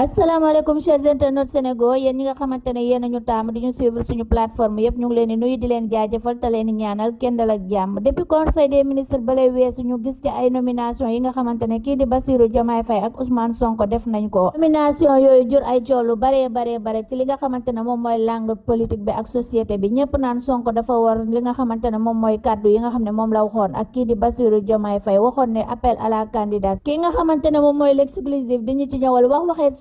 asalaamaaleykum chers internautes Sénégal yéen ñi nga xamante ne yéen ñu taam di ñu suivre suñu plateforme yëpp ñu ngi leen di nuyu di leen jaajëfal te leen ñaanal kenn dal ak jàmm depuis conseil des ministres balay weesu ñu gis ci ay nomination yi nga xamante ne kii di Bassirou Diomaye Faye ak Ousmane Sonko def nañ ko nomination yooyu jur ay coow lu baree baree bare ci li nga xamante ne moom mooy langue politique bi ak société bi ñëpp naan Sonko dafa war li nga xamante ne moom mooy kàddu yi nga xam ne moom la waxoon ak kii di Bassirou Diomaye Faye waxoon ne appel à la candidate nga xamante ne moom mooy l'exclusif di ñu ci ñëwal wax waxee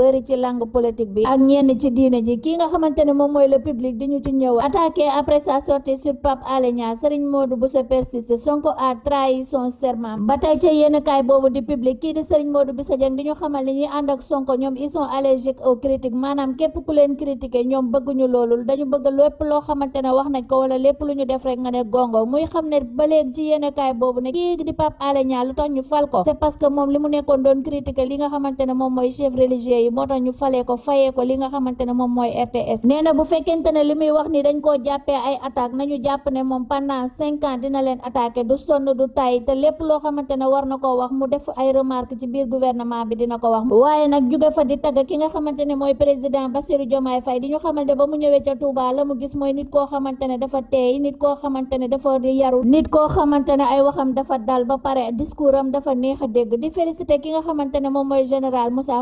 bëri ci langue politique bi ak ñenn ci diine ji ki nga xamante ne moom mooy le public di ñu ci ñëw attaqué après sa sortie sur Pape Alé Niang Serigne Modou Bousso persiste Sonko a trahi son ba tey ca yéen kaay boobu di public kii di Serigne Modou Bousso Dieng di ñu xamal ni ñuy ànd ak Sonko ñoom ils sont allergiques aux maanaam képp ku leen critiqué ñoom bëgguñu loolu dañu bëgg lépp loo xamante wax nañ ko wala lépp lu ñu def rek nga ne gongo muy moo tax ñu falee ko fayee ko li nga xamante ne moom mooy RTS nee na bu fekkente ne li muy wax nii dañ koo jàppee ay attaque nañu jàpp ne moom pendant cinq dina leen attaqué du sonn du tay te lépp loo xamante ne war na koo wax mu def ay remarque ci biir gouvernement bi dina ko wax waaye nag jóge fa di tagg ki nga xamante ne mooy président Bassirou Diomaye Faye di ñu xamal ne ba mu ñëwee ca Touba la mu gis mooy nit koo xamante ne dafa teey nit koo xamante ne dafa yaru nit koo xamante ne ay waxam dafa dal ba pare discours am dafa neex a dégg di félicité ki nga xamante ne moom mooy général Moussa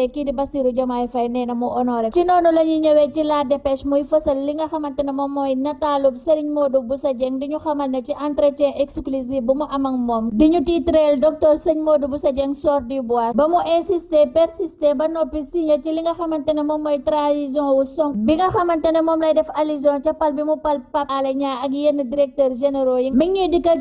tey kii di Bassirou Diomaye Faye nee na mu honoré ci noonu la ñuy ñëwee ci la dépêche muy fësal li nga xamante ne moom mooy nataalub Serigne Modou Boussa Dieng di ñu xamal ne ci entretien exclusif bu mu am moom di ñu tiitreel docteur Serigne Modou Boussa Dieng sort du bois ba mu insister persister ba noppi signé ci li nga xamante moom mooy trahison wu bi nga xamante moom lay def allusion ca pal bi mu pal Pape Alé Niang ak yenn directeur généraux yi ñuy dikkal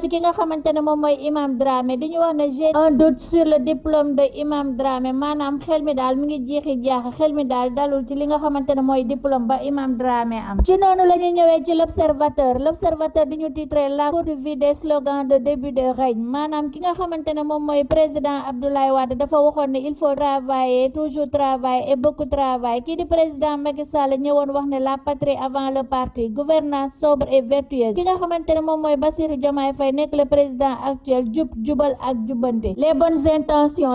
daal mi ngi jiixi jaaxa xel mi daal dalul ci li nga xamante ne mooy diplôme ba Imam Dramé am ci noonu la ñu ñëwee ci l' observateur l' observateur di ñu titré la courte vie des slogans de début de règne maanaam ki nga xamante ne moom mooy président Abdoulaye Wade dafa waxoon ne il faut travailler toujours travailler et beaucoup travail kii di président Macky Sall ñëwoon wax ne la patrie avant le parti gouvernance sobre et vertueuse ki nga xamante ne moom mooy Bassirou Diomaye Faye nekk le président actuel jub jubal ak jubbante les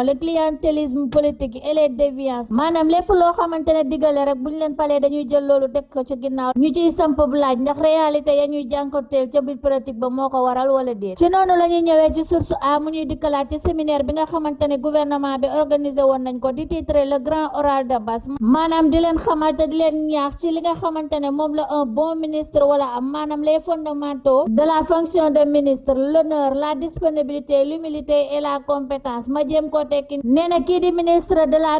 le clientélisme politique déviance maanaam lépp loo xamante ne digale rek buñ leen palee dañuy jël loolu teg ko ci ginnaaw ñu ciy samp bu laaj ndax réalité ya ñuy jànkonteel ca biir pratique ba moo ko waral wala déet ci noonu la ñëwee ci source a mu ñuy dikkalaat ci séminaire bi nga xamante ne gouvernement bi organisé woon nañ ko di titré le grand oral de Basse maanaam di leen xamal te di leen ñaax ci li nga xamante moom la un bon ministre wala am maanaam les fondamentaux la la disponibilité la compétence ma jéem ko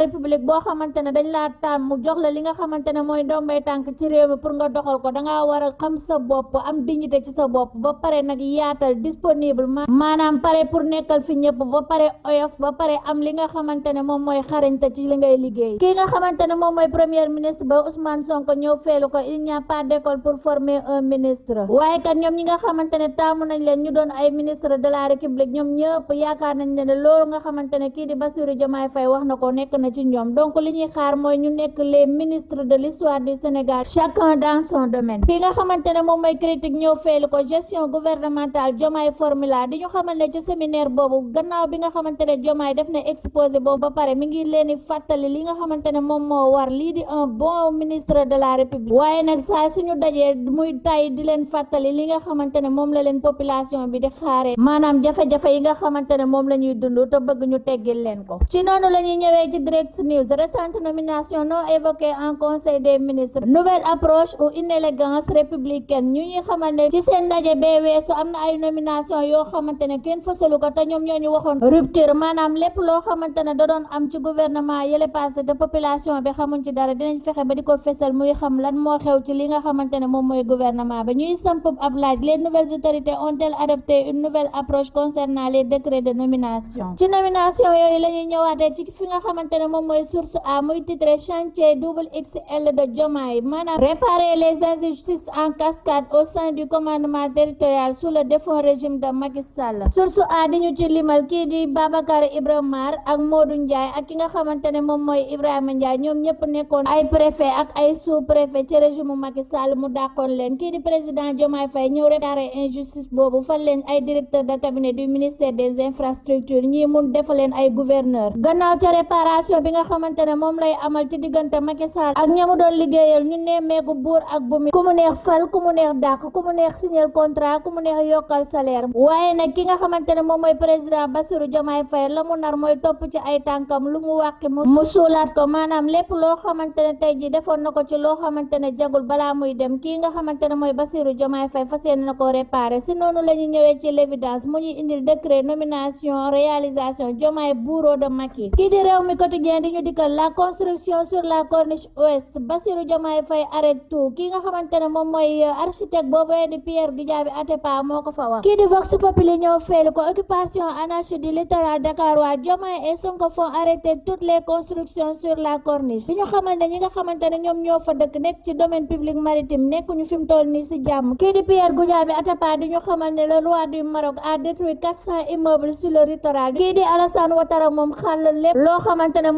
république boo xamante ne dañ la tànn mu jox la li nga xamante ne mooy ndombay tànk ci réew mi pour nga doxal ko dangaa war a xam sa bopp am dignité ci sa bopp ba pare nag yaatal disponible maanaam pare pour nekkal fi ñëpp ba pare oyof ba pare am li nga xamante ne moom mooy xarañte ci li ngay liggéey kii nga xamante ne moom mooy premier ministre ba Ousmane Sonko ñëw feelu ko il a pas d'école pour former un ministre waaye kat ñoom ñi nga xamante ne taamu nañ leen ñu doon ay ministre de la république ñoom ñëpp yaakaar nañ ne loolu nga xamante ne kii di Bassirou wax na nekk na ci ñoom donc li ñuy xaar mooy ñu nekk les ministres de l'histoire du Sénégal chacun dans son domaine bi nga xamante ne moom mooy critique ñëw feelu ko gestion gouvernementale Diomaye formula di ñu xamal ne ci séminaire boobu gannaaw bi nga xamante ne Diomaye def na exposé boobu ba pare mi ngi leen di fàttali li nga xamante ne moom moo war lii di un bon ministre de la République waaye nag saa suñu dajee muy tay di leen fàttali li nga xamante ne moom la leen population bi di xaaree maanaam jafe-jafe yi nga xamante ne moom la ñuy dund te bëgg ñu teggil leen ko ci noonu Direct News récente nomination non évoquée en conseil des ministres nouvelle approche ou inélégance républicaine ñu ñuy xamal ne ci seen ndaje bee weesu am na ay nomination yoo xamante ne kenn fësalu ko te ñoom ñoo ñu waxoon rupture maanaam lépp loo xamante ne da doon am ci gouvernement yële passé te population bi xamuñ ci dara dinañ fexe ba di ko fësal muy xam lan moo xew ci li nga xamante ne moom mooy gouvernement ba ñuy samp ab laaj les nouvelles autorités ont-elles adopté une nouvelle approche concernant les décrets de nomination ci nomination moom mooy source à muy titre chantier e double XL de Diomaye maanaam réparer les injustices en cascade au sein du commandement territorial sous le défunt régime de Macky sal source à di ñu ci limal kii di Babacar Ibrahima Mar ak Modou Ndiaye ak ki nga xamante ne moom mooy Ibrahima Ndiaye ñoom ñëpp nekkoon ay préfet ak ay sous préfet ci régime mu sal mu dàqoon leen kii di président Diomaye Faye ñëw réparer injustice boobu fal leen ay directeur de cabinet du ministère des infrastructures ñii mun def leen ay gouverneur bi nga xamante ne moom lay amal ci diggante Macky Sall ak ñamu doon liggéeyal ñu nemmeeku buur ak bu mi ku mu neex fal ku mu neex dàq ku mu neex signer contrat ku mu neex yokkal salaire waaye nag ki nga xamante ne moom mooy président Bassirou Diomaye fay la mu nar mooy topp ci ay tànkam lu mu wàqi mu suulaat ko maanaam lépp loo xamante ne tey ji defoon na ko ci loo xamante ne jagul balaa muy dem kii nga xamante ne mooy Bassirou Diomaye Faye fas seen na ko réparé si noonu la ñu ñëwee ci l'évidence mu ñuy indil décret nomination réalisation Diomaye bureau de Macky kii quotidien di ñu dikkal la construction sur la corniche ouest Bassirou Diomaye Faye arrête tout ki nga xamante ne moom mooy euh, architecte boobu di Pierre Goudiaby Atepa moo ko fa wax kii di Vox Populi ñëw feelu ko occupation anarchique du littoral dakarois Diomaye et Sonko font arrêter toutes les constructions sur la corniche di nga xamante ne ñoom ñoo fa dëkk nekk ci domaine public maritime nekkuñu fi mu toll nii si jàmm kii di Pierre Goudiaby Atepa di ñu xamal ne le roi du Maroc a détruit quatre cent immeubles sur le littoral kii di Alassane Ouattara moom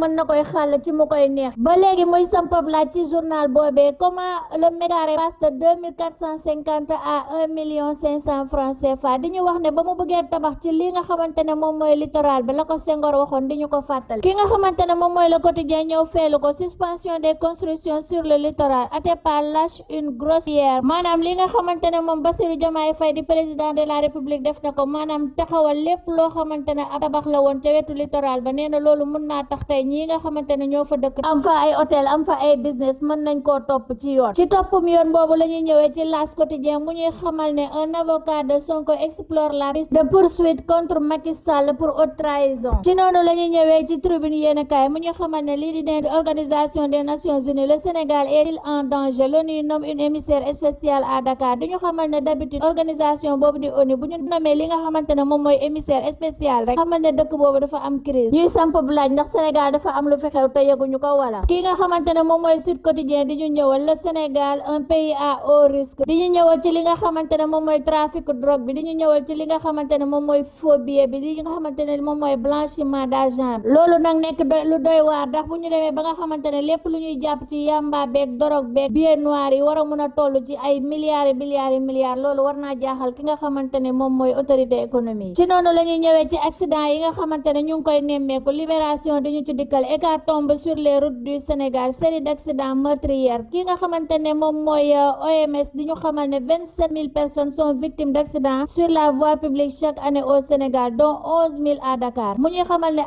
mën na koy xàll ci mu koy neex ba léegi muy sampab ci journal boobee comment le mégaré passe à un million cinq cent francs CFA di ñu wax ne ba mu bëggee tabax ci li nga xamante ne moom mooy littoral bi la ko Senghor waxoon di ñu ko fàttali ki nga xamante ne moom mooy le quotidien ñëw feelu ko suspension des constructions sur le littoral Atepa lâche une grosse maanaam li nga xamante ne moom Bassirou Diomaye Faye di président de la république def ñi nga xamante ne ñoo fa dëkk am fa ay hôtel am fa ay business mën nañ koo topp ci yoon ci toppum yoon boobu la ñuy ñëwee ci L'As quotidien mu ñuy xamal ne un avocat de Sonko explore la piste de poursuite contre Macky Sall pour haute trahison ci noonu la ñuy ñëwee ci tribune yéenekaay mu ñuy xamal ne lii di neen organisation des nations unies le Sénégal est-il en danger l'ONU nomme une émissaire spéciale à Dakar duñu xamal ne d'habitude organisation boobu di bu ñu nommee li nga xamante ne moom mooy émissaire spéciale rek xamal ne boobu dafa am crise ñuy samp bu laaj ndax Sénégal dafa am lu fi xew te yeguñu ko wala ki nga xamante moom mooy Sud Quotidien di ñu ñëwal le Sénégal un pays à haut risque di ñu ñëwal ci li nga xamante ne moom mooy trafic drogue li nga xamante ne moom mooy mooy blanchiment d'argent bi loolu nag nekk lu doy waar ndax bu ñu demee ba nga xamante ne lépp lu ñuy jàpp ci yamba beeg dorog beeg billet noir yi war a mun a toll ci ay milliards milliards yi milliards loolu war naa jaaxal ki nga xamante ne moom mooy autorité économique ci noonu la ñëwee ci dikkal écart tombe sur les routes du Sénégal série d'accidents meurtrières ki nga xamante ne moom mooy euh, OMS di ñu xamal ne vingt sept mille personnes sont victimes d'accidents sur la voie publique chaque année au Sénégal dont onze mille à Dakar mu ñuy xamal ne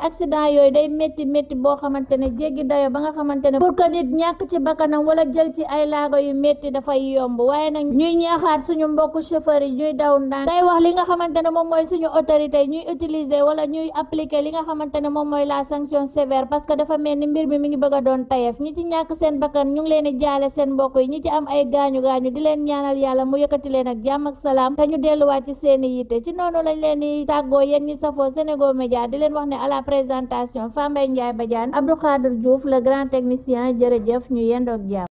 pour que nit ñàkk ci bakkanam wala jël ci ay laago yu métti dafay yomb waaye nag ñuy ñaaxaat suñu mbokku chauffeur yi ñuy daw ndaan day wax li nga xamante moom mooy suñu autorité ñuy utiliser wala ñuy appliquer li nga xamante moom mooy la sanction sévère parce que dafa mel ni mbir mi mi ngi bëgg doon tayef ñi ci ñàkk seen bakkan ñu ngi leen di jaale seen mbokk yi ñi ci am ay gaañu gaañu di leen ñaanal yàlla mu yëkkati leen ak jàmm ak salaam te ñu delluwaat ci seeni yitte ci noonu lañ leen di tàggoo yéen ñi safoo Sénégo Média di leen wax ne à la présentation Fambaye Ndiaye Badiane Abdou Khadir Diouf le grand technicien jërëjëf ñu yendoog jàmm